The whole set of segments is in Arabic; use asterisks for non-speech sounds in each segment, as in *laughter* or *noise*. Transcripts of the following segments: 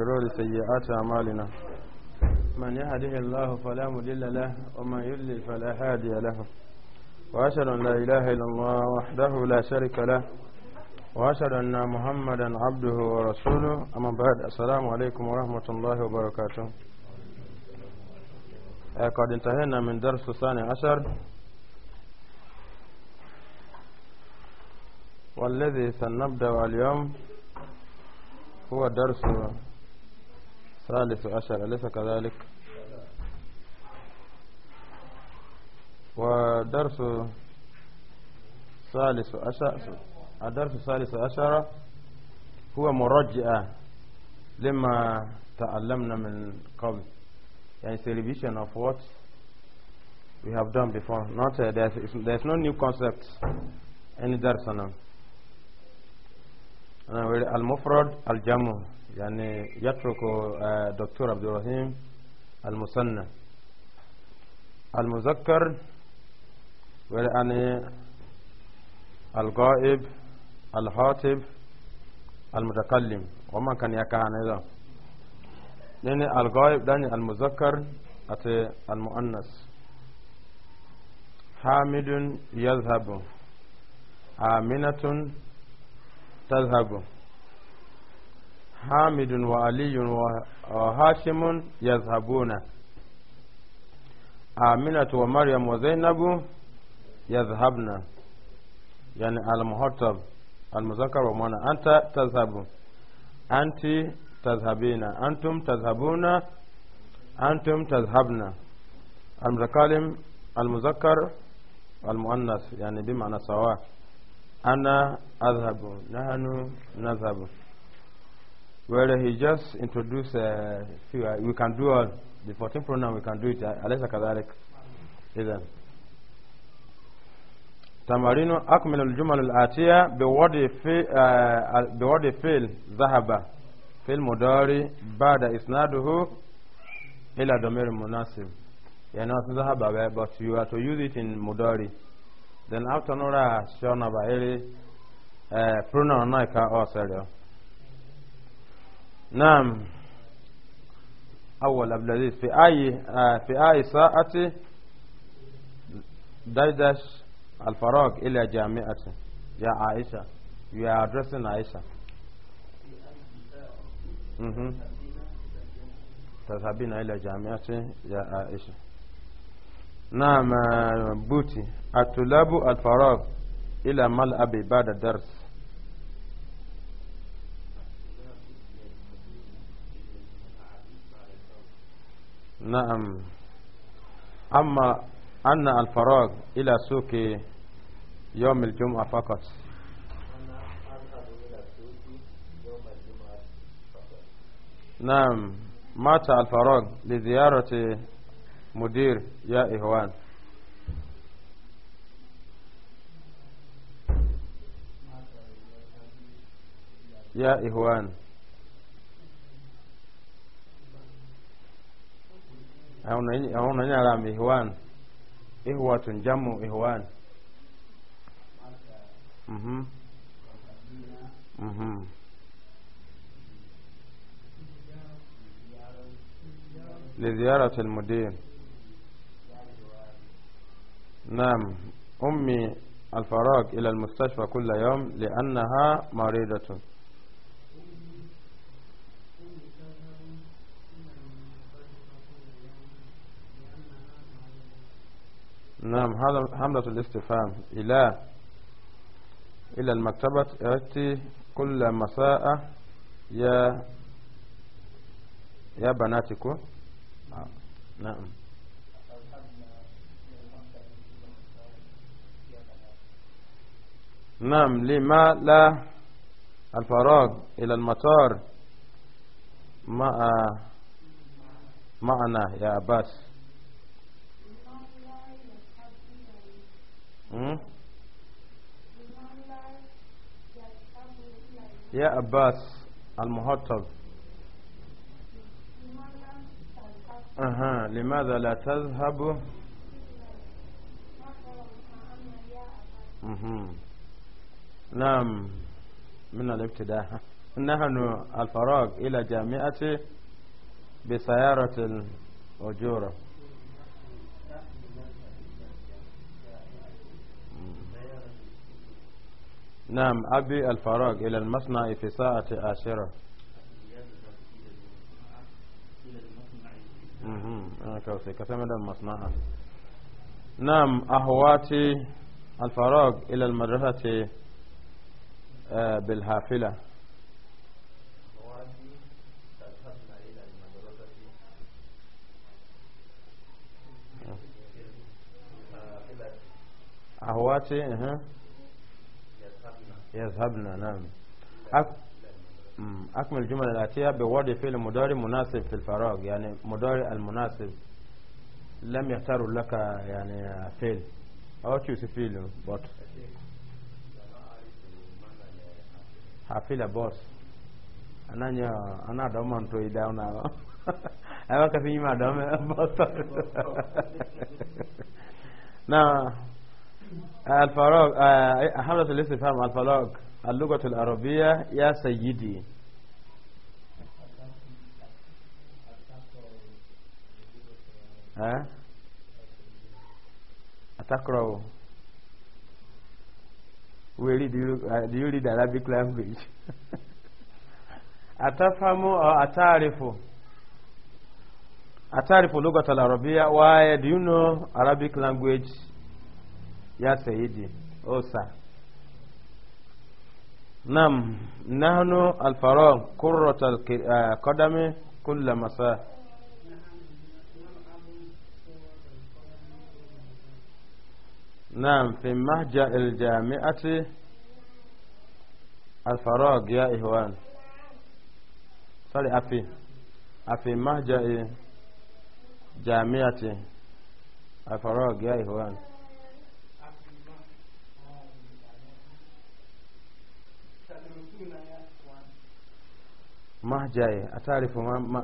شرور سيئات أعمالنا من يهده الله فلا مضل له ومن يضلل فلا هادي له وأشهد أن لا إله إلا الله وحده لا شريك له وأشهد أن محمدا عبده ورسوله أما بعد السلام عليكم ورحمة الله وبركاته قد انتهينا من درس الثاني عشر والذي سنبدأ اليوم هو درس ثالث عشر أليس كذلك ودرس ثالث عشر الدرس الثالث عشر هو مرجئة لما تعلمنا من قبل يعني celebration of what we have done before not uh, there's, there's no new concept any درسنا المفرد الجمع يعني يترك آه، دكتور عبد الرحيم المثنى المذكر ويعني الغائب الخاطب المتكلم وما كان عن هذا لأن يعني الغائب داني المذكر أتي المؤنث حامد يذهب آمنة تذهب حامد وعلي وهاشم يذهبون آمنة ومريم وزينب يذهبن يعني المهتب المذكر ومعنى أنت تذهب أنت تذهبين أنتم تذهبون أنتم تذهبن المتكلم المذكر المؤنث يعني بمعنى سواء أنا أذهب نحن نذهب Well, he just introduced a uh, few. Uh, we can do the 14 pronoun, we can do it. Uh, alaysa kadhalik. Idhan. تمارين atia الجمل الآتية بوضع في بوضع فعل ذهب في المضارع ela إسناده إلى You مناسب يعني zahaba, but you are to use it in Modari. then after nora shona بعيري pronoun naika أو oh, نعم أول أبل في أي آه، في أي ساعة دايدش الفراغ إلى جامعة يا عائشة you are addressing عائشة تذهبين إلى جامعة يا عائشة نعم آه، بوتي الطلاب الفراغ إلى ملعب بعد الدرس نعم أما أن الفراغ إلى سوق يوم الجمعة فقط نعم مات الفراغ لزيارة مدير يا إخوان يا إخوان أو هنا من إهوان إهوة جمع إهوان مهم. مهم. لزيارة المدير نعم أمي الفراغ إلى المستشفى كل يوم لأنها مريضة نعم هذا حملة الاستفهام إلى إلى المكتبة يأتي كل مساء يا يا بناتكم نعم, نعم. نعم لما لا الفراغ إلى المطار مع معنا يا عباس يا عباس المهطب أها لماذا لا تذهب نعم من الابتداء نحن الفراغ إلى جامعة بسيارة الأجورة نعم أبي الفراغ إلى المصنع في ساعة عشرة نعم أهواتي الفراغ إلى المدرسة آه، بالحافلة أهواتي أه. يذهبنا نعم أكمل الجمل الآتية بوضع فعل مضارع مناسب في الفراغ يعني مضارع المناسب لم يختاروا لك يعني فعل أو تشوف فعل بوت حفيلة بوت أنا نيا أنا دوما توي داونا أنا *laughs* كفيني ما دوما *laughs* بوت *laughs* نعم الفراغ حملة الاستفهام الفراغ اللغة العربية يا سيدي أتقرأ Where do you, uh, do you read Arabic language? أتفهم أو أتعرف أتعرف اللغة العربية Why do you know Arabic language يا سيدي أوسا نعم نحن الفراغ كرة القدم آه، كل مساء نعم في مهجع الجامعة الفراغ يا إخوان صلي أفي أفي مهجة جامعة الفراغ يا إخوان مهجاي أتعرف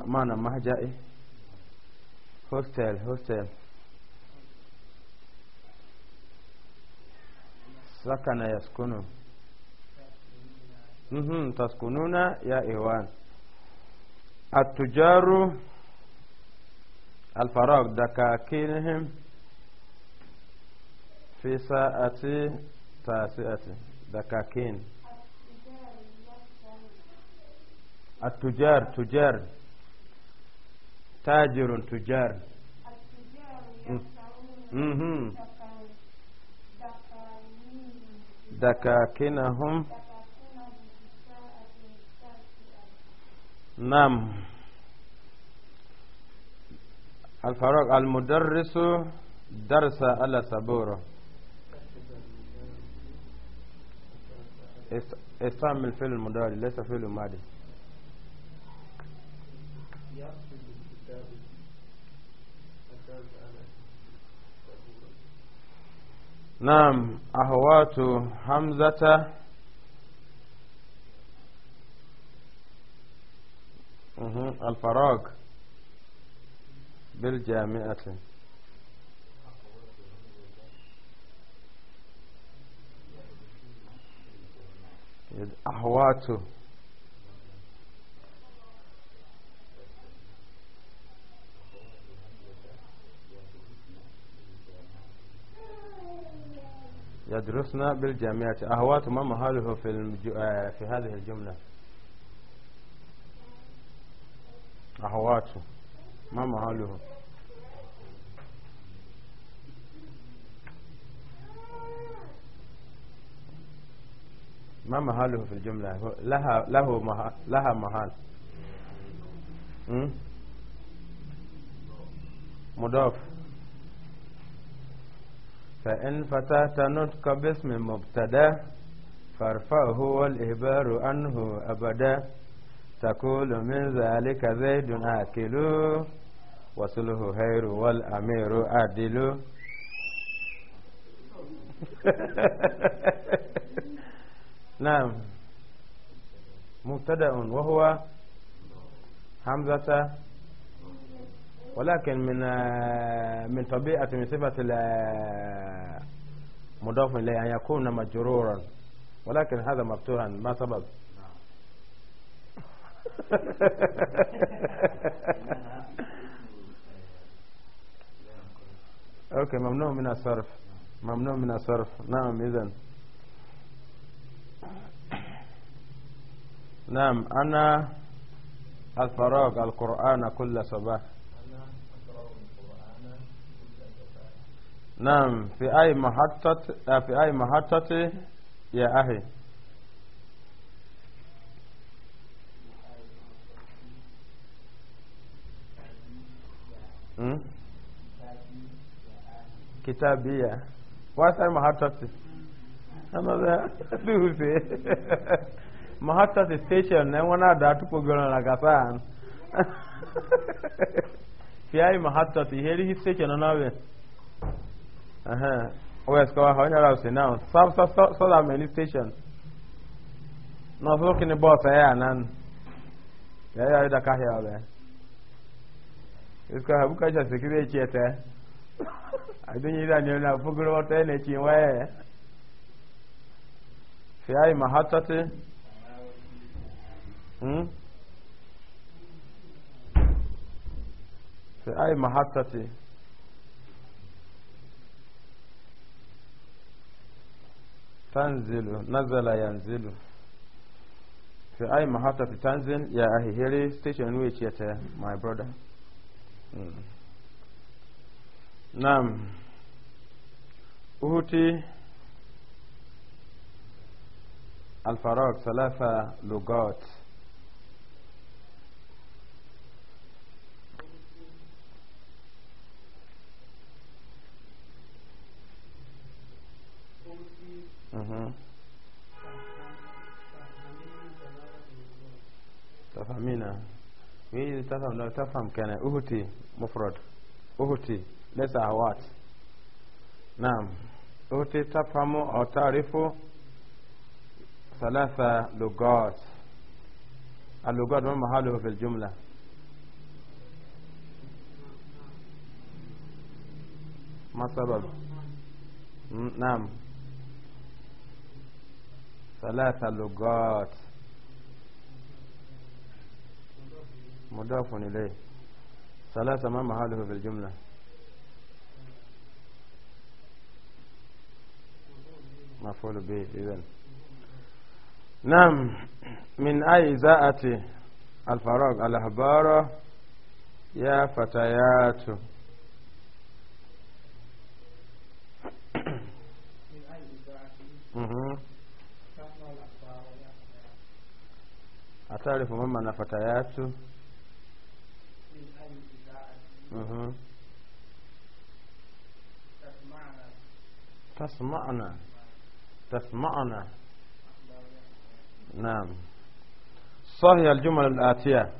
معنى مهجاي هوستيل هوستيل سكن مهم تسكنون يا إيوان التجار الفراغ دكاكينهم في ساعة تاسعة دكاكين التجار تجار تاجر تجار دكاكنهم نعم الفراغ المدرس درس على صبوره استعمل فعل المدرس ليس فعل المدرس نعم أهوات حمزة الفراغ بالجامعة أهواته يدرسنا بالجامعة أهوات ما مهاله في, آه، في هذه الجملة أهوات ما مهاله ما مهاله في الجملة لها له مهال لها مهال مضاف فإن فتحت نطق باسم مبتدا فارفعه والإهبار عنه أبدا تقول من ذلك زيد آكل وصله هير والأمير عدل *laughs* نعم مبتدا وهو حمزة ولكن من آه، من طبيعة من صفة المضاف آه، إليه أن يكون مجرورا ولكن هذا مفتوحا ما سبب *laughs* اوكي ممنوع من الصرف ممنوع من الصرف نعم اذا نعم انا الفراغ القران كل صباح نعم في أي محطة في أي محطة يا أخي كتابية واسع محطة أما دوسي محطة ستيشن وانا داتو كوغونا لكاسان في أي محطة هي ستيشن أنا وين west kọwa onye ara sa now south many station na ọsọ kini sa ya anan ya ya ida ka hia ọbẹ iska ha buka cha sikiri echi ete adunyi ida ni na fuguru wata ene chi nwaye fi ayi mahatati hmm fi ayi mahatati tanzilu nazala yanzilu fi ai mahata fi tanzil ya ahihere station which yet my brother mm. nam uhuti الفراغ ثلاثة Lugat. تفهمين وإذا تفهم لو تفهم كان أهتي مفرد أهتي ليس أهوات نعم أهتي تفهم أو تعرف ثلاثة لغات اللغات ما محله في الجملة ما سبب نعم ثلاث لغات مضاف إليه ثلاثة ما محله في الجملة مفعول به إذن نعم من أي إذاءة الفراغ الأحبار يا فتيات من أي إذاءة atarifu mama na fata yatu mhm tasma'na tasma'na naam sahih aljumla alatiya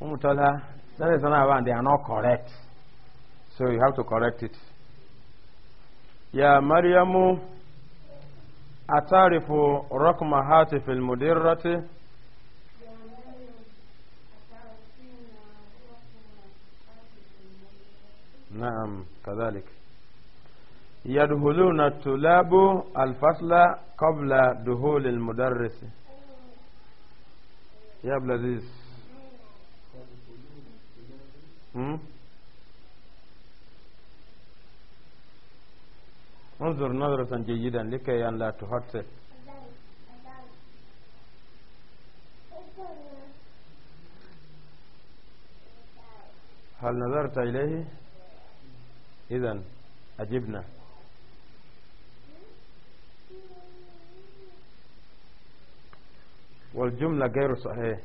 umutala there is another one they are not correct so you have to correct it ya maryamu atarifu rakma hatif almudirrati نعم كذلك يدخلون الطلاب الفصل قبل دخول المدرس يا ابن العزيز انظر نظرة جيدا لكي أن لا تحسس هل نظرت إليه؟ إذا أجبنا والجملة غير صحيح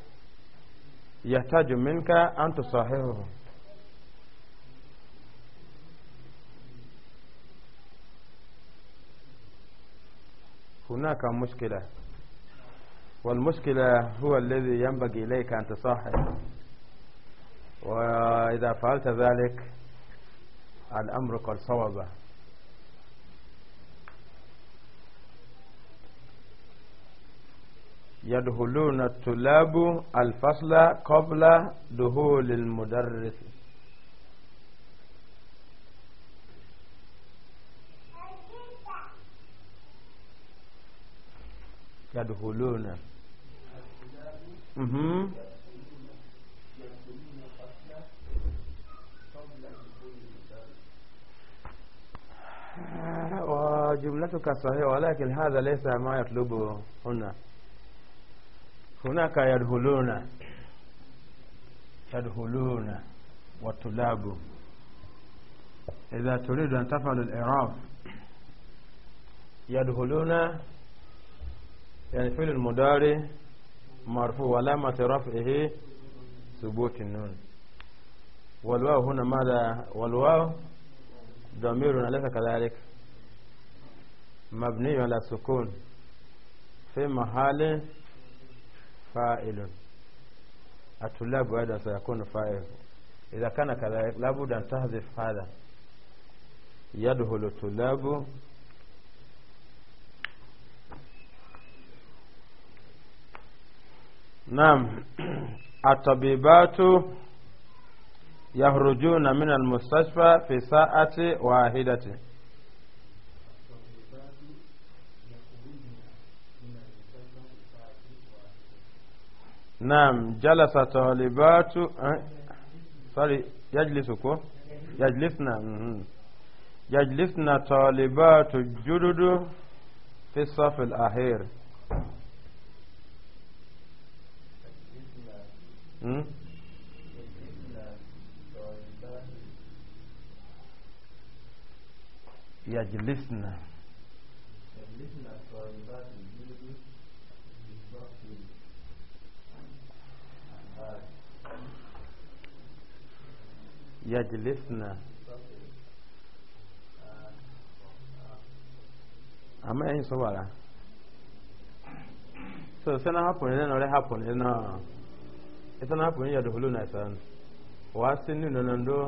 يحتاج منك أن تصححه هناك مشكلة والمشكلة هو الذي ينبغي إليك أن تصحح وإذا فعلت ذلك الامر قد صوب يدخلون الطلاب الفصل قبل دخول المدرس يدخلون جملتك صحيحة ولكن هذا ليس ما يطلبه هنا هناك يدخلون يدخلون والطلاب إذا تريد أن تفعل الإعراف يدخلون يعني في المدار مرفوع علامة رفعه ثبوت النون والواو هنا ماذا والواو ضمير ليس كذلك مبني على السكون في محل فاعل الطلاب هذا سيكون فاعل إذا كان كذلك لابد أن تحذف هذا يدخل الطلاب نعم *clears throat* الطبيبات يخرجون من المستشفى في ساعة واحدة نعم جلس طالبات أه؟ سوري يجلسك يجلسنا يجلسنا طالبات الجدد في الصف الأخير يجلسنا يجلسنا يجلسن äh. ama ẹyin sọ wàrà so na hapùn ẹ̀nà ọ̀rẹ́ hapùn ẹ̀nà ẹ̀sẹ̀nà hapùn ẹ̀yà dòhùlù náà ẹ̀sẹ̀ wàá sí nínú ọ̀nàdó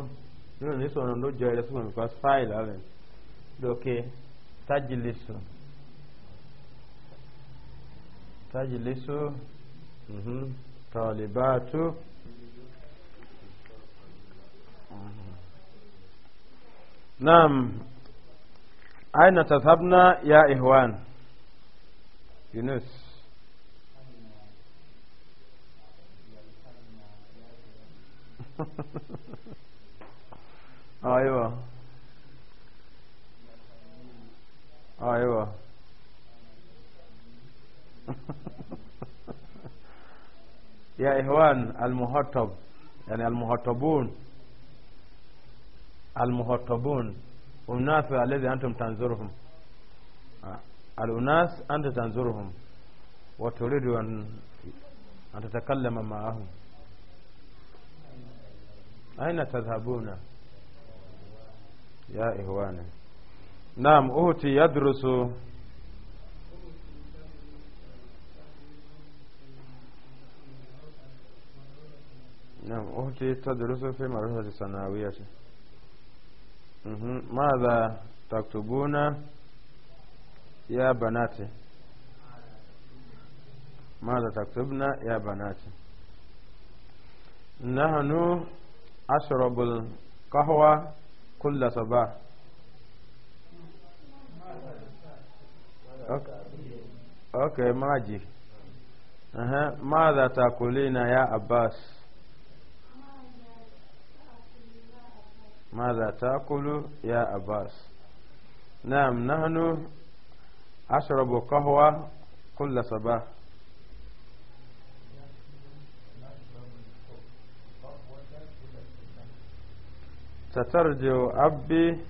no ní sọ̀rọ̀ ọ̀nàdó jọ ẹ̀rẹ́ one because file ọ̀rẹ́ lókè tajilisu tajilisu Mm -hmm. نعم أين تذهبنا يا إخوان يونس *laughs* أيوة أيوة *laughs* يا إخوان المهطب يعني المهطبون المهطبون الناس الذي أنتم تنظرهم آه. الناس أنت تنظرهم وتريد أن تتكلم معهم أين تذهبون يا إخواني نعم أوتي يدرس نعم أوتي تدرس في مرحلة ثانوية ماذا تكتبون يا بناتي ماذا تكتبنا يا بناتي نحن أشرب القهوة كل صباح أوكي, ماجي ماذا تأكلين يا أباس ماذا تأكل يا أباس نعم نحن أشرب قهوة كل صباح سترجع أبي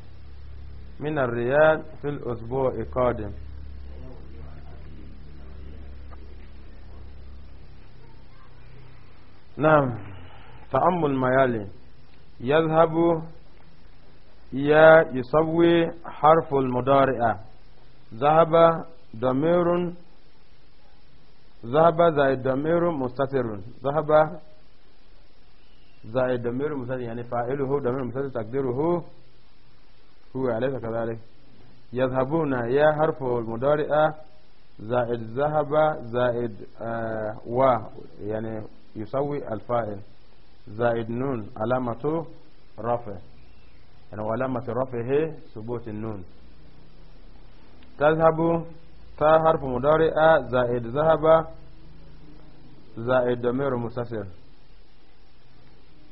من الرياض في الأسبوع القادم نعم تأمل ما يلي يذهب يا يسوي حرف المضارع ذهب ضمير ذهب زائد ضمير مستتر ذهب زائد ضمير مستتر يعني فاعله ضمير مستتر تقديره هو أليس كذلك يذهبون يا حرف المضارع زائد ذهب زائد آه و يعني يسوي الفاعل زائد نون علامته رفع يعني وعلامة هي ثبوت النون تذهب تا حرف مضارع زائد ذهب زائد ضمير مستتر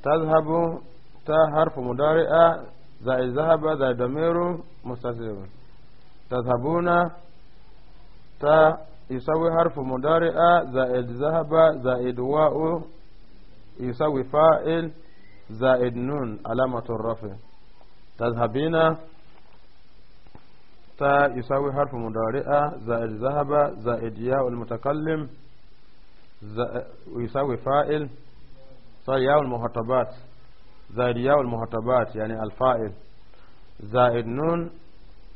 تذهب تا حرف مضارع زائد ذهب زائد ضمير مستتر تذهبون تا يساوي حرف مضارع زائد ذهب زائد واو يساوي فاعل زائد نون علامة الرفع تذهبين تا يساوي حرف مضارع زائد ذهب زائد ياء المتكلم ويساوي فاعل صار طيب، ياء المخاطبات زائد ياء المخاطبات يعني الفاعل زائد نون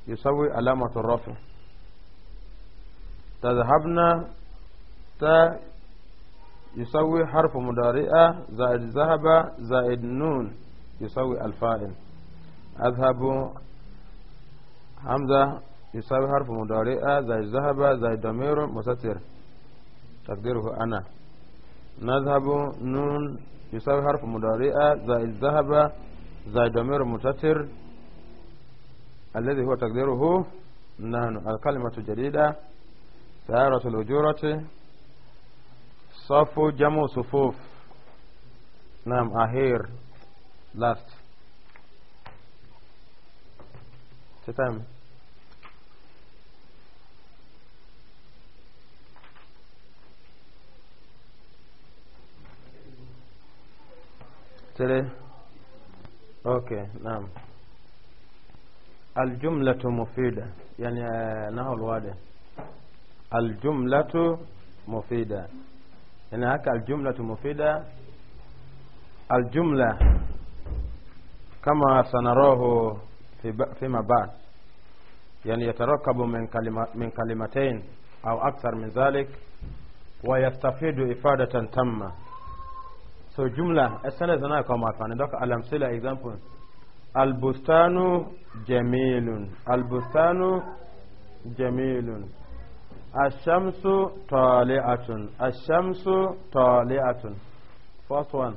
يساوي علامة الرفع تذهبنا تا يساوي حرف مضارع زائد ذهب زائد نون يساوي الفاعل أذهب حمزة يساوي حرف مضارع زي ذهب زي ضمير مستتر تقديره أنا نذهب نون يساوي حرف مضارع زي ذهب زي ضمير مستتر الذي هو تقديره نحن الكلمة الجديدة سيارة الأجورة صف جمع صفوف نعم أهير last تمام تلي اوكي نعم الجملة مفيدة يعني آه، نحو الواد الجملة مفيدة يعني هكا الجملة مفيدة الجملة كما سنراه baad yani yatarakabu min, من min kalimatain كلمتين akthar min من ذلك ويستفيد إفادة tamma so jumla asana zana kwa mafani alamsila example albustanu jamilun albustanu jamilun ashamsu taliatun ashamsu taliatun first one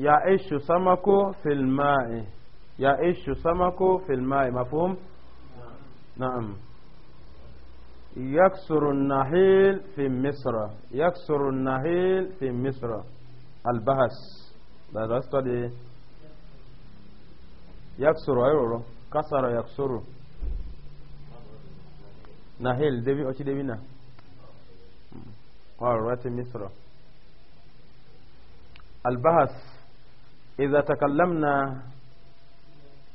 يعيش سمكه في الماء يعيش سمكه في الماء مفهوم نعم يكسر النحيل في مصر يكسر النحيل في مصر البحث That is study يكسر أيوه كسر يكسر نحيل دبي أشي دبينا قال رأت مصر البحث Is that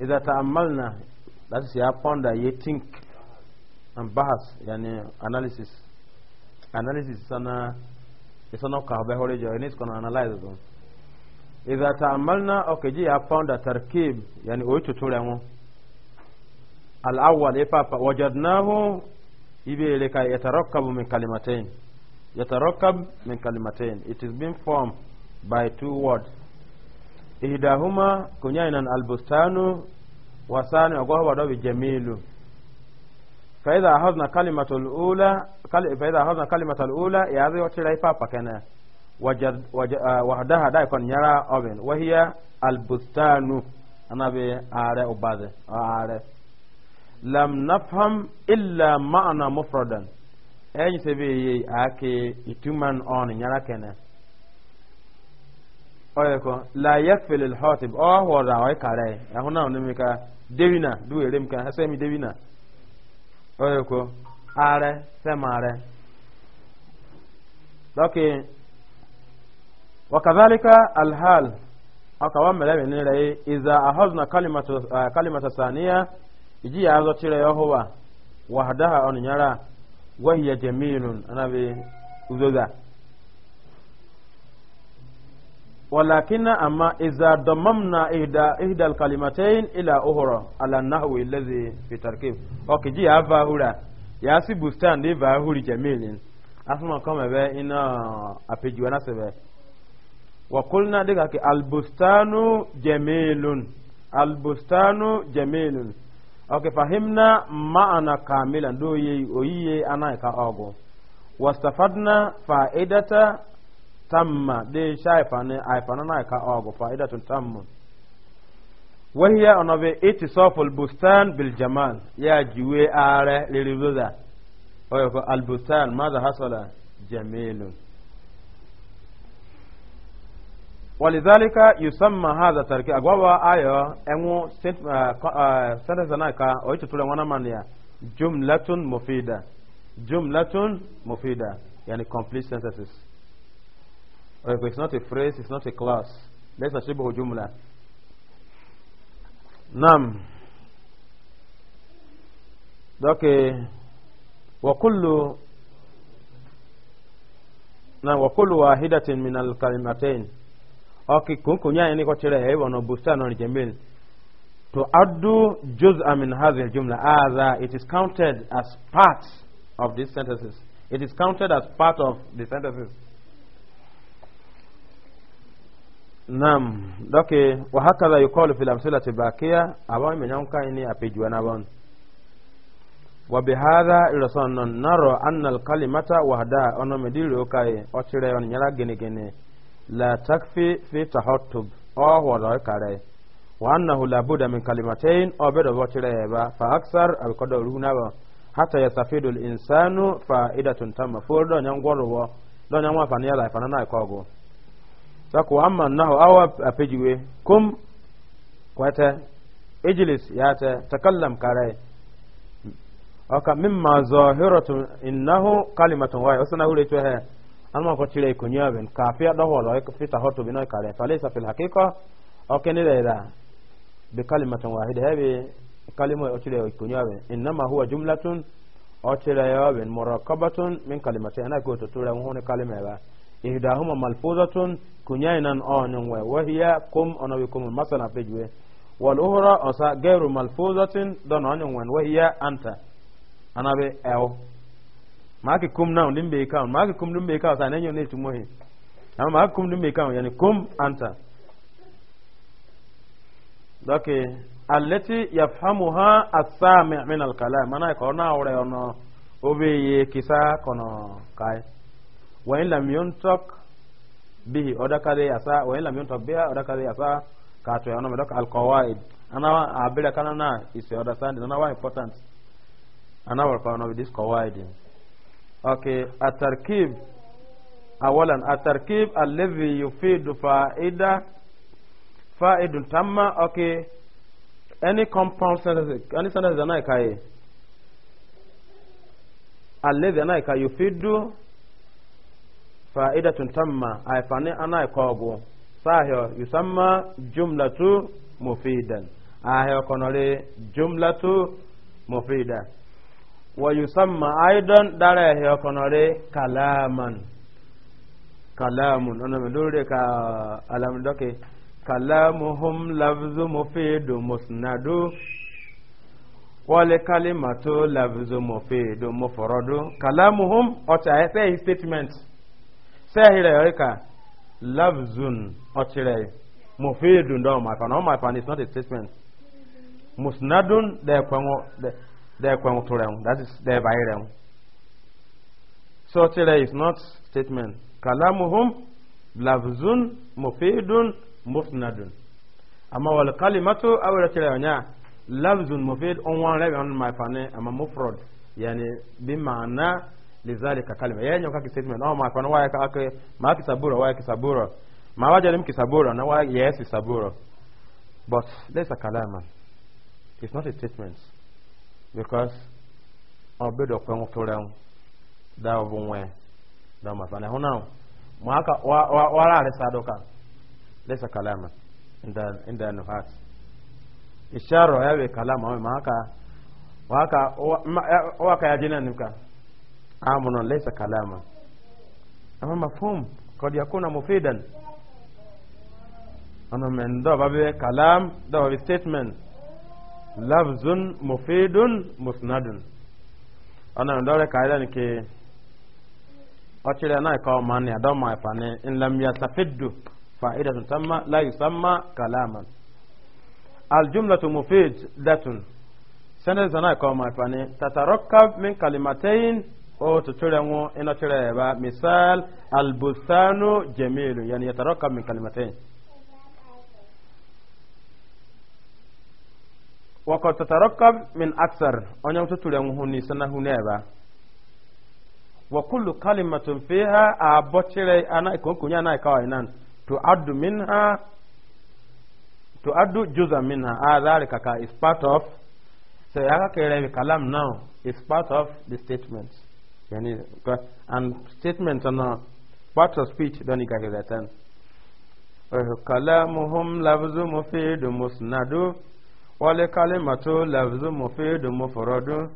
إذا تأملنا that is your that you think and bahas yani analysis analysis sana uh, it's not a behold you need to analyze them إذا تأملنا okay you have found a tarkib yani oi to tore mo al awwal ifa wajadnahu ibe ile ka yatarakkabu min kalimatain yatarakkab min kalimatain it is being formed by two words إهداهما كنيانا البستان وسان agohoba dobi jamilu فإذا أخذنا كلمة الأولى فإذا أخذنا كلمة الأولى يعني لأي بابا كنا وحدها دا يكون يرى أبن وهي البستان أنا بي آره أبادة آره لم نفهم إلا معنى مفردا أي سبي أكي يتمن أون يرى كنا oyeko la yakfil al hatib o wora o kare ahuna onimi ka devina du erem ka hasa mi devina oyeko are semare doki wakadhalika alhal akawa melewe nire iza ahazna kalimatu uh, kalimatu thaniya iji yazo tire yohuwa wahdaha onyara wahiya jamilun anabi uzoza ولكن أما إذا ضممنا إحدى إحدى الكلمتين إلى أخرى على النحو الذي في تركيب وكجي أفا هورا ياسي بستان دي فاهوري جميل أسمع كما بي إنا أبيجوانا سبي وقلنا ديكاكي البستان جميل البستان جميل أوكي فهمنا معنى كاملا دو يي أنا كأوغو واستفدنا فائدة tamma de shaifane aifana na ka ogo fa'idatun tamma wahiya onobe itisaful bustan bil jamal ya jiwe are lirizuza oyo ko al bustan madha hasala jamilun ولذلك يسمى هذا تركيب أقوى آية أنو سنة نايكا أويت تولى وانا مانيا جملة مفيدة جملة مفيدة yani complete sentences It's not a phrase, it's not a class. Let's ashibu jumla. Nam. Okay. Wakulu na wakulu wahidatin min alkalimatain oki kunkunya yani ko tire hewa no bustano ni jamil to addu juz amin hadhihi jumla aza it is counted as part of these sentences it is counted as part of the sentences nam doke wa hakadha yuqalu fil amsilati baqiya abawi menyan kai ni apejwa na bon wa bihadha ilasanna naro anna al kalimata wahda ono mediri okai otire on nyara gene la takfi fi tahattub o wala kare wa annahu la budda min kalimatain o bedo otire ba fa aksar al qadaru na ba hata yastafidu al insanu fa'idatun tamma furdo nyangworo do nyamwa fania la fanana ikogo sako amma nahu awa apejiwe kum kwata ijilis ya ta takallam kare aka mimma zahiratu innahu kalimatun wa usna hure to he amma ko tire ko nyaben kafiya da wala ko fita hoto binoy kare falaysa fil haqiqa aka ni da bi kalimatun wahida hebe kalimo o tire ko nyaben innama huwa jumlatun o tire yaben murakabatun min kalimatayn ana ko to tura mu hono kalima ba ihdahuma malfuzatun kunyainan onyongwe wahiya kum onawi kum masana pejwe wal uhra osa gairu malfuzatin don onyongwen wahiya anta anabe ew maki kum na ndin be ka maki kum ndin be ka sa nanyo ne tumohi amma maki kum ndin be ka yani kum anta dake allati yafhamuha as-sami' min al-kalam mana ko na ore ono obeye kisa kono kai When wọ́n lam yóò tọ́k bihi ọ̀dọ́kari yasa wọ́n lam yóò tọ́k bihi ọ̀dọ́kari yasa kàtó ẹ̀ ọ́nà mi dọ́kà alkọ́wá ẹ̀ ana wa abẹ́rẹ́ kanna the other side. sáà ndé ana wa important ana wà kọ́nà wí dìskọ́wá ẹ̀ dì. ok atarkib awolan atarkib alevi yofi dufa ida fa idun tamma ok any compound sentence any sentence ana ẹ̀ ka yẹ alevi ana ẹ̀ ka yofi فائدة تامة أي فاني أنا كوغو ساهي يسمى جملة مفيدا أهي كنولي جملة مفيدة ويسمى أيضا داري هي كنولي كلاما كلام أنا مدوري كلام دوكي كلامهم لفظ مفيد مسند ولكلمة لفظ مفيد مفرد كلامهم أتعفي statement sehire yorika lafzun ọchịrị mufidun ndo maifa na maifa is not a statement musnadun da ekwenwu turenwu that is da ebayirenwu so ọchịrị is not statement kalamuhum lafzun mufidun musnadun amma wal kalimatu awira chire onya lafzun mufid onwan rebi on maifa ne amma mufrod yani bi ma'ana lidhalika kalima yenye ka statement au mafano wa ka ake ma kisabura wa kisabura ma waje ni kisabura na wa yes sabura but a kalama it's not a statement because obedo kwa ngutore da obunwe da mafano hona wa wala ale sadoka laysa kalama in the in the nufas ishara yawe kalama waka waka waka ya jina nuka amran laysa kalama ama mafhum qad yakuna mufidan ana men da babe kalam da babe statement lafzun mufidun musnadun ana da re kaida ni ke ọchịrị na ka ọma ni adọ ma ifane in lam yastafiddu fa'idatun tamma la yusamma kalaman al jumlatu mufidatun sanan zana ka ọma ifane tatarakkab min kalimatayn oto turengo ina tureba misal albustanu jamilu yani yatarakkab min kalimatain وقد تتركب من أكثر أن يمتطل يمهني سنة هنابا وكل كلمة فيها أبوتشري أنا يكون كنيا أنا يكوينان تعد منها تعد جزء منها آه ذلك is part of so كلام now is part of the statement yani and statement na part of speech don't doni ka kida tan kalamuhum lafzu mufid musnadu wal kalimatu lafzu mufid mufradu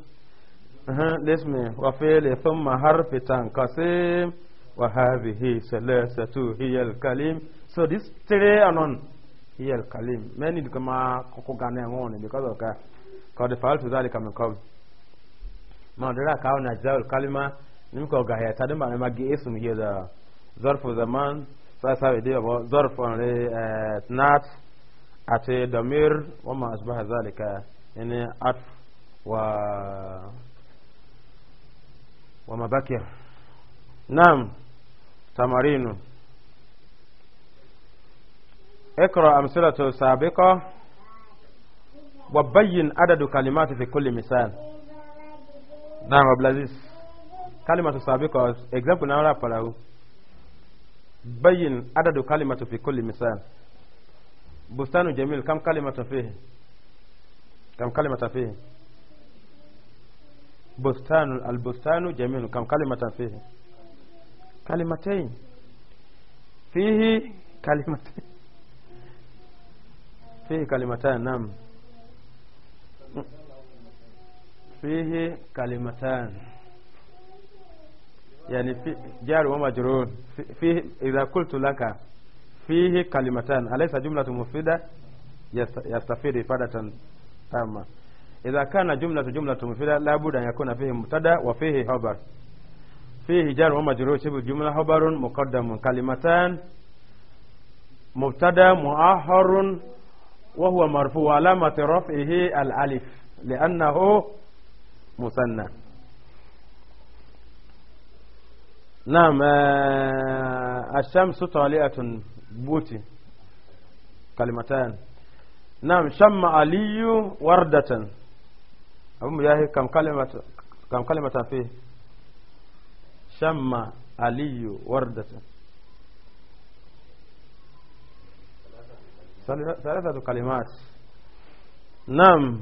eh, lismi wa fi'li thumma harfi tanqasim wa hadhihi salasatu hiya al kalim so this three anon hiya al kalim many kama kokugane ngone because of ka qad fa'altu dhalika min qabl ma dora kawo na jazawul kalima nim ko ga heta dum bana magi isum hiya da zarfu zaman sa sa de ba zarfu re snat ate damir wa ma asbaha zalika yani atf wa wa mabakir nam tamarinu اقرأ أمثلة سابقة وبين عدد كلمات في كل مثال na Abdulaziz kalimatu sabiqa example na wala falahu bayin adadu kalimatu fi kulli misal bustanu jamil kam kalimatu fihi kam kalimatu fihi bustanu albustanu jamil kam kalimatu fihi kalimatayn fihi kalimatayn fihi kalimatan nam فيه كلمتان يعني في جار ومجرور فيه إذا قلت لك فيه كلمتان أليس جملة مفيدة يستفيد إفادة تامة إذا كان جملة جملة مفيدة لا بد أن يكون فيه مبتدا وفيه خبر فيه جار ومجرور شبه جملة خبر مقدم كلمتان مبتدا مؤخر وهو مرفوع علامة رفعه الألف لأنه مثنى نعم آه، الشمس طالئة بوتي كلمتان نعم شم علي وردة أبو مجاهد كم كلمة كم كلمة فيه شم علي وردة ثلاثة كلمات نعم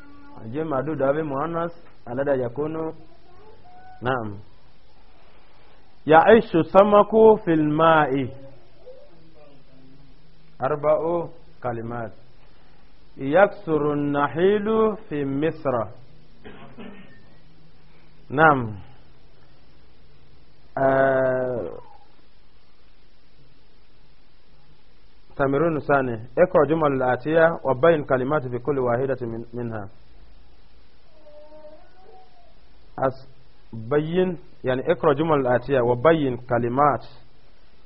الجمع دود أبي مؤنث الذي يكون نعم يعيش السمك في الماء أربع كلمات يكسر النحيل في مصر نعم آه. تمرين ثاني اقرأ جمل الآتية وبين كلمات في كل واحدة منها as بين يعني اقرأ جمل الآتية وبين كلمات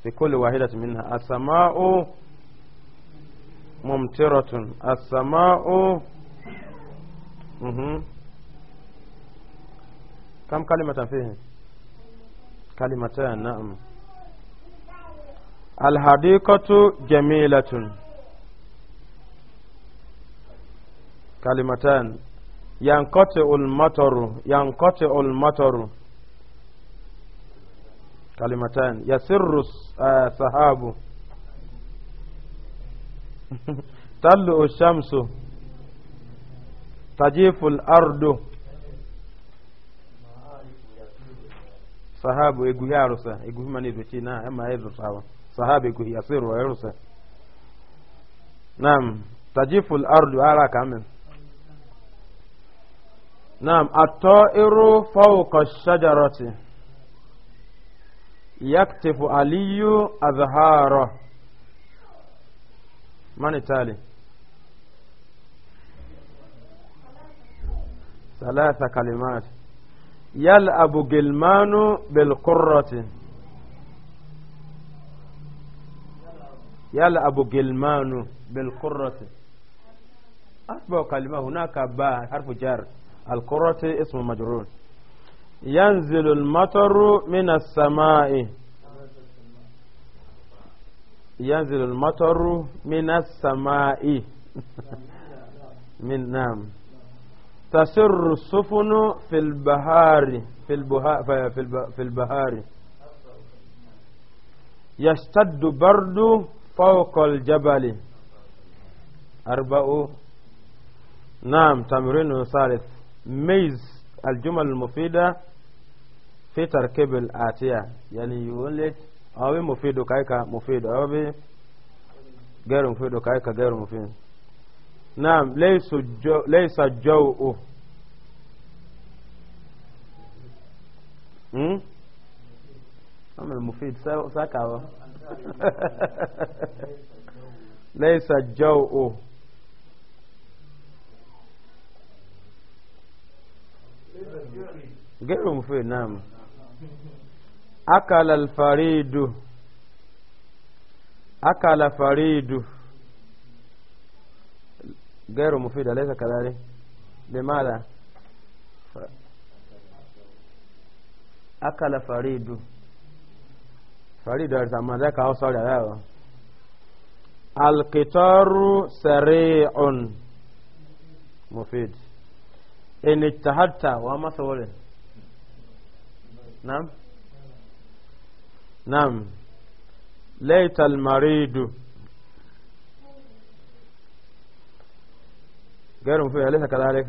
في كل واحدة منها السماء ممترة السماء مهم. كم كلمة فيه كلمتان نعم الحديقة جميلة كلمتان ينقطع المطر ينقطع المطر كلمتان يسر السحاب تلو الشمس تجيف الأرض sahabu egu ya arusa egu hima ni zuci na ama ezu sawa sahabu egu ya wa arusa naam tajiful ardu ala kamen نعم الطائر فوق الشجرة يكتف علي أظهاره من التالي ثلاث كلمات يلعب جلمان بالقرة يلعب جلمان بالقرة أسبق كلمة هناك باء حرف جر القرة اسم مجرور ينزل المطر من السماء ينزل المطر من السماء *laughs* من نعم تسر السفن في البهار في البها في البهار يشتد برد فوق الجبل أربع نعم تمرين ثالث maiz aljumal mufida fi tarkib al-atiya yani yulit awi mufidu kaika mufidu awi gairu mufidu kaika gairu mufidu نعم ليس جو ليس الجوء امم المفيد ساكا *laughs* ليس الجوء غير مفيد نعم أكل الفريد أكل فريد غير مفيد أليس كذلك لماذا ف... أكل فريد فريد أرسم ذاك أو صلى الله القطار سريع مفيد إن اجتهدت وما ثوره نعم نعم ليت المريد غير مفيد ليس كذلك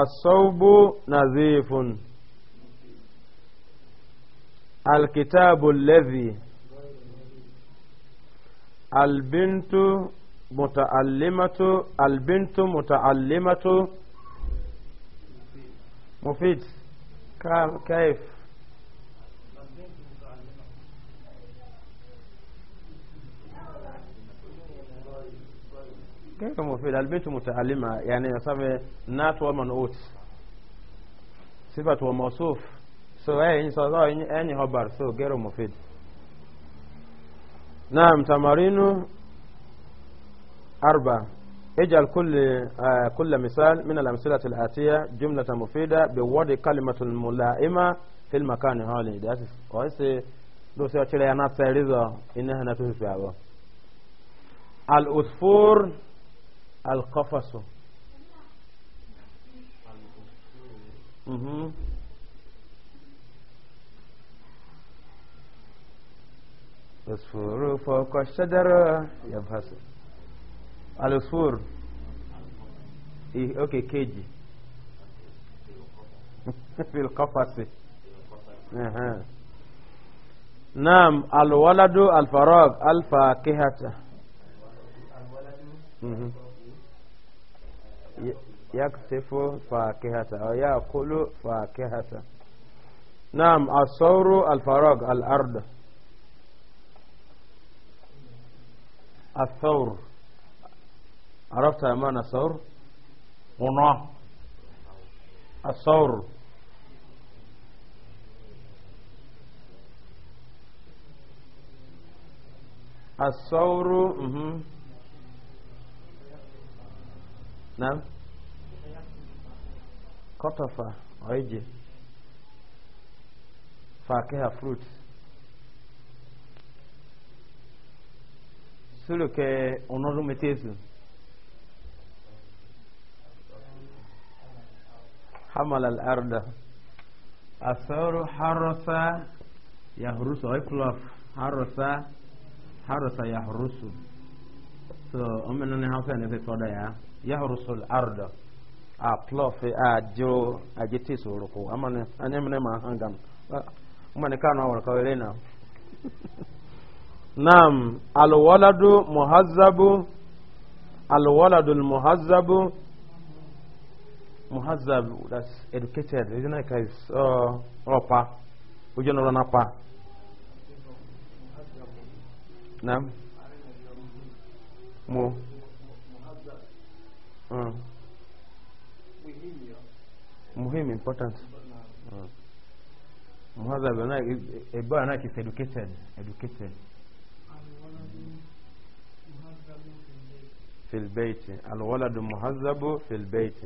الصوب نظيف الكتاب الذي البنت متعلمة البنت متعلمة مفيد كام كيف كيف مفيد البنت متعلمة يعني يسمى نات ومن أوت صفة وموصوف سو أي صدا أي هبار سو غير مفيد نعم تمارين أربعة اجعل كل آه كل مثال من الأمثلة الآتية جملة مفيدة بوضع كلمة ملائمة في المكان هالي ده كويس دو سيو تشيلا انا سيريزا انها نتوه في ابو الأسفور القفص اها أسفور فوق الشجرة يبحث العصفور إيه اوكي كيجي في القفص اها نعم الولد الفراغ الفاكهة يكسف فاكهة أو يأكل فاكهة نعم الصور الفراغ الأرض الثور عرفت معنى الثور هنا الثور الثور نعم قطفة عجل فاكهة فروت سلوك ونظم تيسو حمل الأرض أثور حرس يحرس أكلف حرس حرس يحرس so أمنا نحن نفي تودا يا يحرس الأرض أطلف أجو أجتي سوركو أما أنا من ما هنجم أما نكانوا أول كويلنا نعم الولد مهذب الولد المهذب muhazzab that's educated isn't like his uh ropa ujono napa nam mu mm. muhim important mm. muhazzab na a boy na is educated educated في البيت الولد مهذب في البيت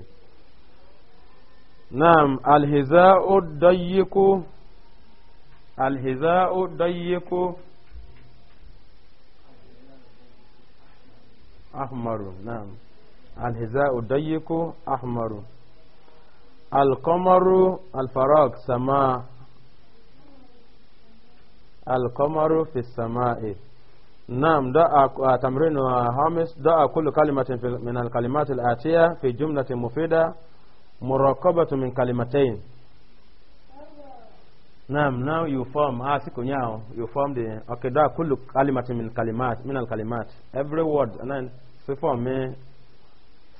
نعم الهزاء الضيق الهزاء الضيق أحمر نعم الهزاء الضيق أحمر القمر الفراغ سماء القمر في السماء نعم دع آه، تمرين آه، هامس دع كل كلمة من الكلمات الآتية في جملة مفيدة murakabatu min kalimatain Naam, now you form ah siku nyao you form the okay da kullu kalimatin min kalimat min al kalimat every word and then so form me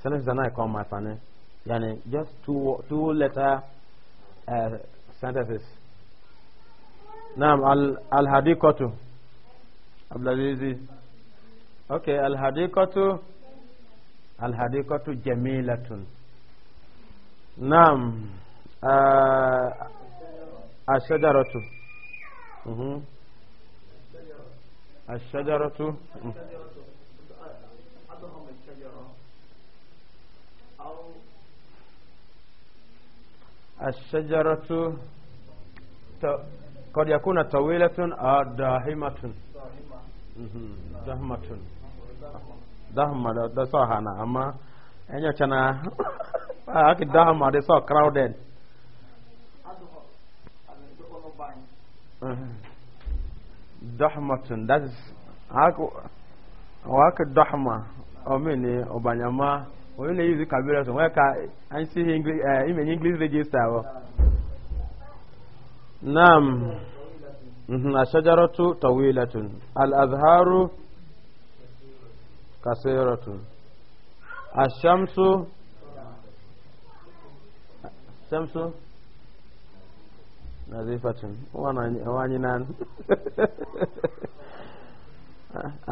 sentence that I call my fane eh? yani just two two letter uh, sentences Naam al al hadiqatu Abdulaziz Okay al hadiqatu al hadiqatu jamilatun نعم آه، الشجرة الشجرة الشجرة قد يكون طويلة أو داهمة دهمة دهمة ده صح أنا أما and you can *laughs* ah, I can damn are they so crowded *laughs* dahmatun that is waka dahma omini obanyama onye na-eyuzi kabira so nwee ka anyị si ihe imenye english register bụ nam mhm, ashajaratu tawilatun al-azharu kasiratun الشمس الشمس نظيفة واني نان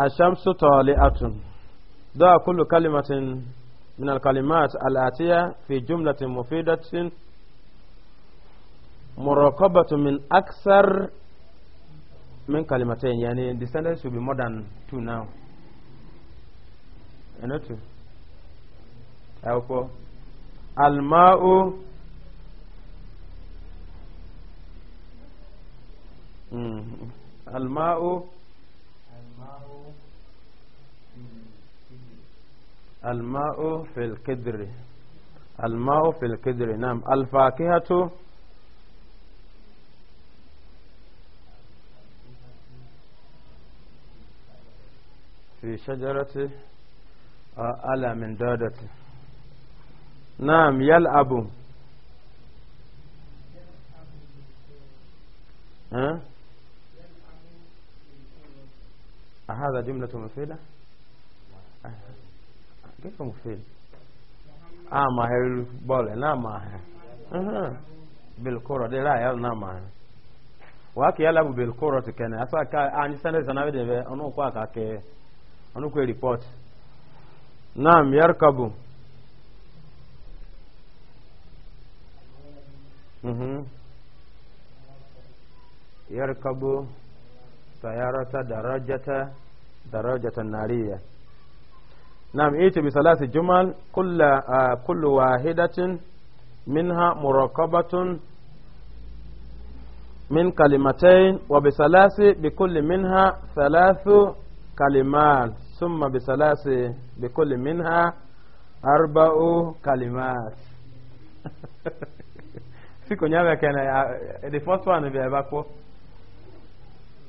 الشمس طالئة ضع كل كلمة من الكلمات الآتية في جملة مفيدة مراقبة من أكثر من كلمتين يعني the sentence should be more than two now another two أوكو الماء الماء الماء في القدر الماء في القدر نعم الفاكهة في شجرة آه، ألا من دادته نعم يلعب ها هذا جملة مفيدة كيف مفيد آه ما هي البولة لا ما هي بالكرة دي لا يلا ما هي waki yalabu bil kurati kana asa ka ani ah, sanar sanar da be onu kwa ka ke onu ko report nam yarkabu يركب سيارة درجة درجة نارية نعم ائت بثلاث جمل كل آه كل واحدة منها مركبة من كلمتين وبثلاث بكل منها ثلاث كلمات ثم بثلاث بكل منها أربع كلمات *laughs* siko nyawe kena ya the first one vya bako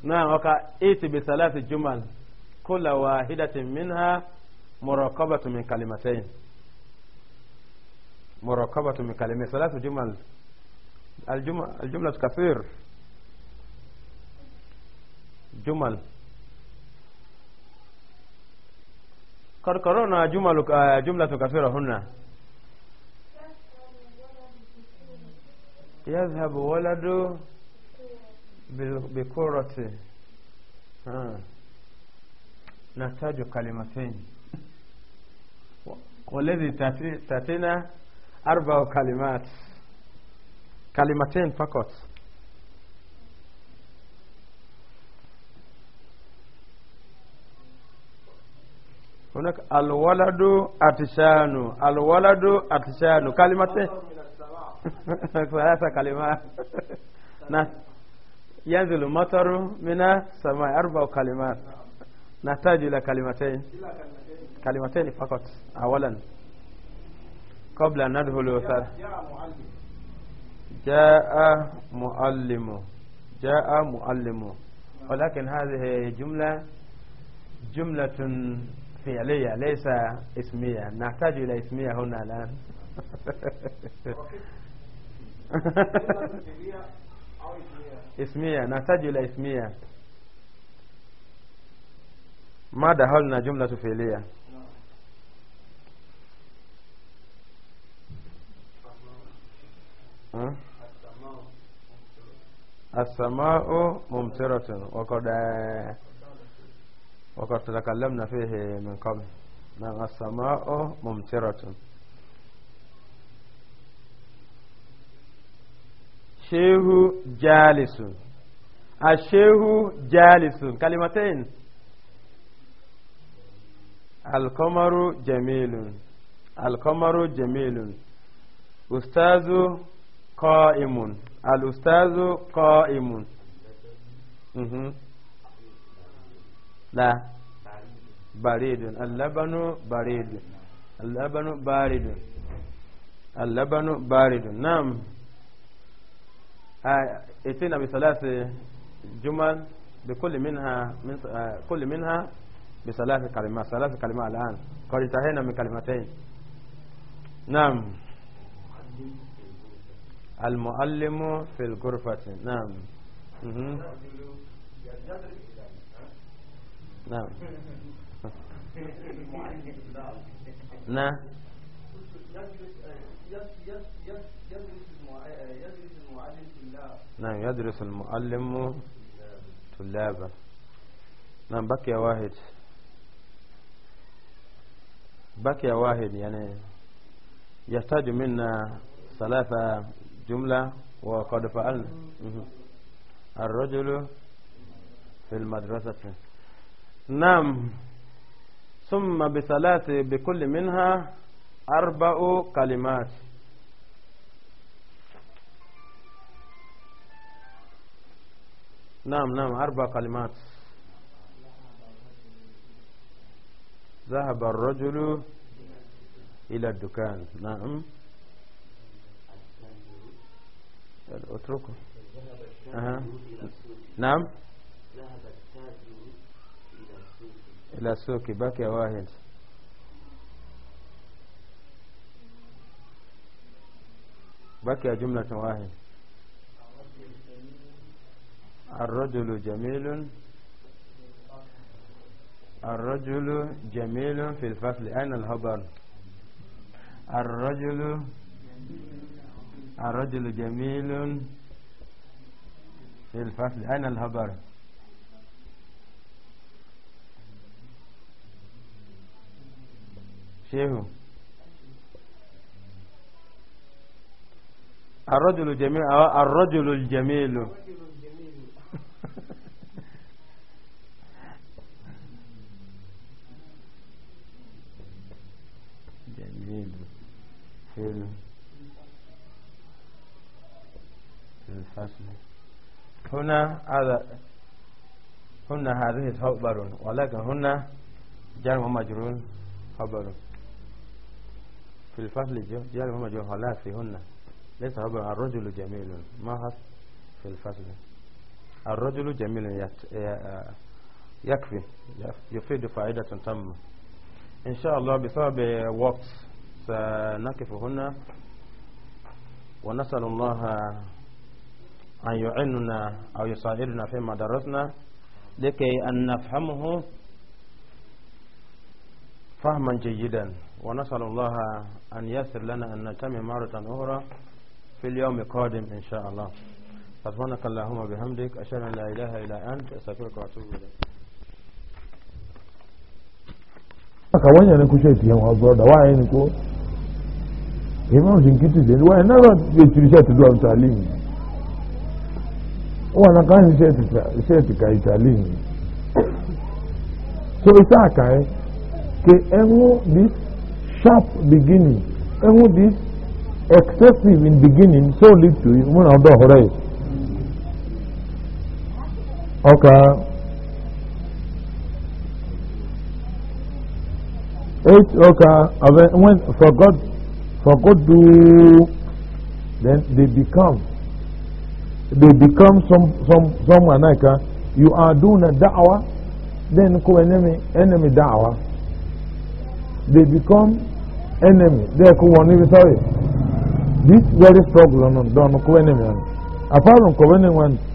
na waka iti bi salati jumal kula wahidatin minha muraqabatu min kalimatayn muraqabatu min kalimatayn salatu jumal الجمل الجملة كثير جمل قد قرأنا جمل جملة كثيرة هنا يذهب ولده بكرة نحتاج كلمتين والذي تأتينا أربع كلمات كلمتين فقط هناك الولد أتشان الولد أتشان كلمتين ثلاثة كلمات نعم. ينزل المطر من السماء أربع كلمات نحتاج إلى كلمتين كلمتين فقط أولا قبل أن ندخل جاء معلم جاء معلم ولكن هذه جملة جملة فعلية ليس اسمية نحتاج إلى اسمية هنا الآن اسمية نحتاج إلى اسمية ما دخلنا جملة فعلية السماء ممطرة وقد وقد تكلمنا فيه من قبل السماء ممطرة الشيخ جالس الشيخ جالس كلمتين القمر جميل القمر جميل أستاذ قائم الأستاذ قائم لا بريد اللبن بريد اللبن بارد اللبن بارد نعم اتينا آه، بثلاث جمل بكل منها من آه، كل منها بثلاث كلمات ثلاث كلمات الآن قد انتهينا من كلمتين نعم المعلم في الغرفة نعم نعم *laughs* نعم نعم يدرس المعلم طلابا نعم بقي واحد بقي واحد يعني يحتاج منا ثلاثة جملة وقد فعلنا الرجل في المدرسة نعم ثم بثلاث بكل منها أربع كلمات نعم نعم أربع كلمات ذهب الرجل إلى الدكان نعم اتركه أه. نعم ذهب التاجر إلى السوق إلى السوق بكى واحد بكى جملة واحد الرجل جميل الرجل جميل في الفصل أين الهبر الرجل الرجل جميل في الفصل أين الهبر شيخ الرجل جميل الرجل الجميل جميل حلو الفصل هنا هذا هنا هذه خبر ولكن هنا جار ومجرور خبر في الفصل جار ومجرور خلاص هنا ليس خبر الرجل جميل ما في الفصل الرجل جميل يكفي يفيد فائدة تامة إن شاء الله بسبب وقت سنقف هنا ونسأل الله أن يعيننا أو يساعدنا فيما درسنا لكي أن نفهمه فهما جيدا ونسأل الله أن يسر لنا أن نتم مرة أخرى في اليوم القادم إن شاء الله سبحانك اللهم بحمدك أشهد أن لا إله إلا أنت أستغفرك وأتوب إليك aka wanya ne kushe tiyan wa zuwa da waye ne ko imam jin kiti da waye na ba ya tiri ta zuwa talin wa kan sha ta sha ta kai talin so isa kai eh, ke enwo this sharp beginning enwo this excessive in beginning so lead to mun na do horai ọkà eight ọkà when for god for god do then they become they become some some someone like uh, you are doing a da'wah then ko enemy enemy da'wah they become enemy they ko one even sorry this very struggle no don ko enemy apart from ko enemy one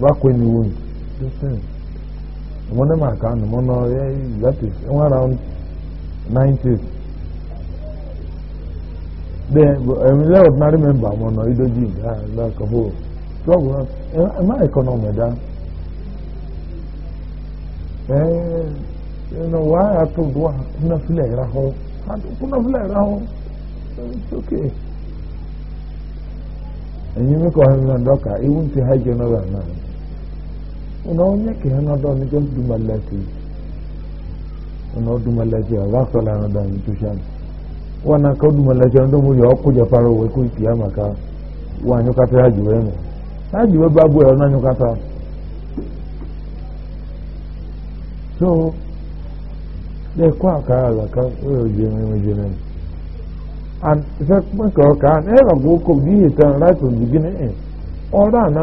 bakwe ni woni the same mwana maka ano mwana that is around 90s then ẹ̀mí lẹ́wọ̀n náà remember mwana idoji ìgbà lákàbọ̀ struggle náà ẹ̀ má economy da. dá ẹ̀ ẹ̀ nà wà á tó wà kúnà fúlẹ̀ ìrà họ kúnà fúlẹ̀ ìrà họ it's okay ẹ̀yin mi kọ́ ẹ̀ ń lọ dọ́kà ewu ti hajj náà wà náà. unaonyesha anadanikia mdumalati unaodumalachi avasala anadani tushani ka wanyukata ajiwemo ajiwe babu ya onanyukata so lekwa kaala ka oyojememejemem and sekpekọ ka na ịghagwa okwu gị ihe tan right from the beginning ọrụ e. a na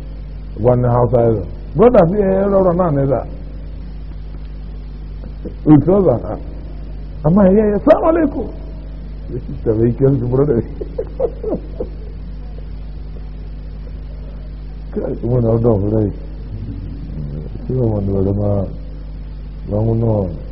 关那后头，我到底还漏了哪呢？啦，你说的呢？他妈的，你算我勒扣！这东西简直不能理解，哈哈哈哈哈！看我们老多兄弟，希望我们的妈、我们的。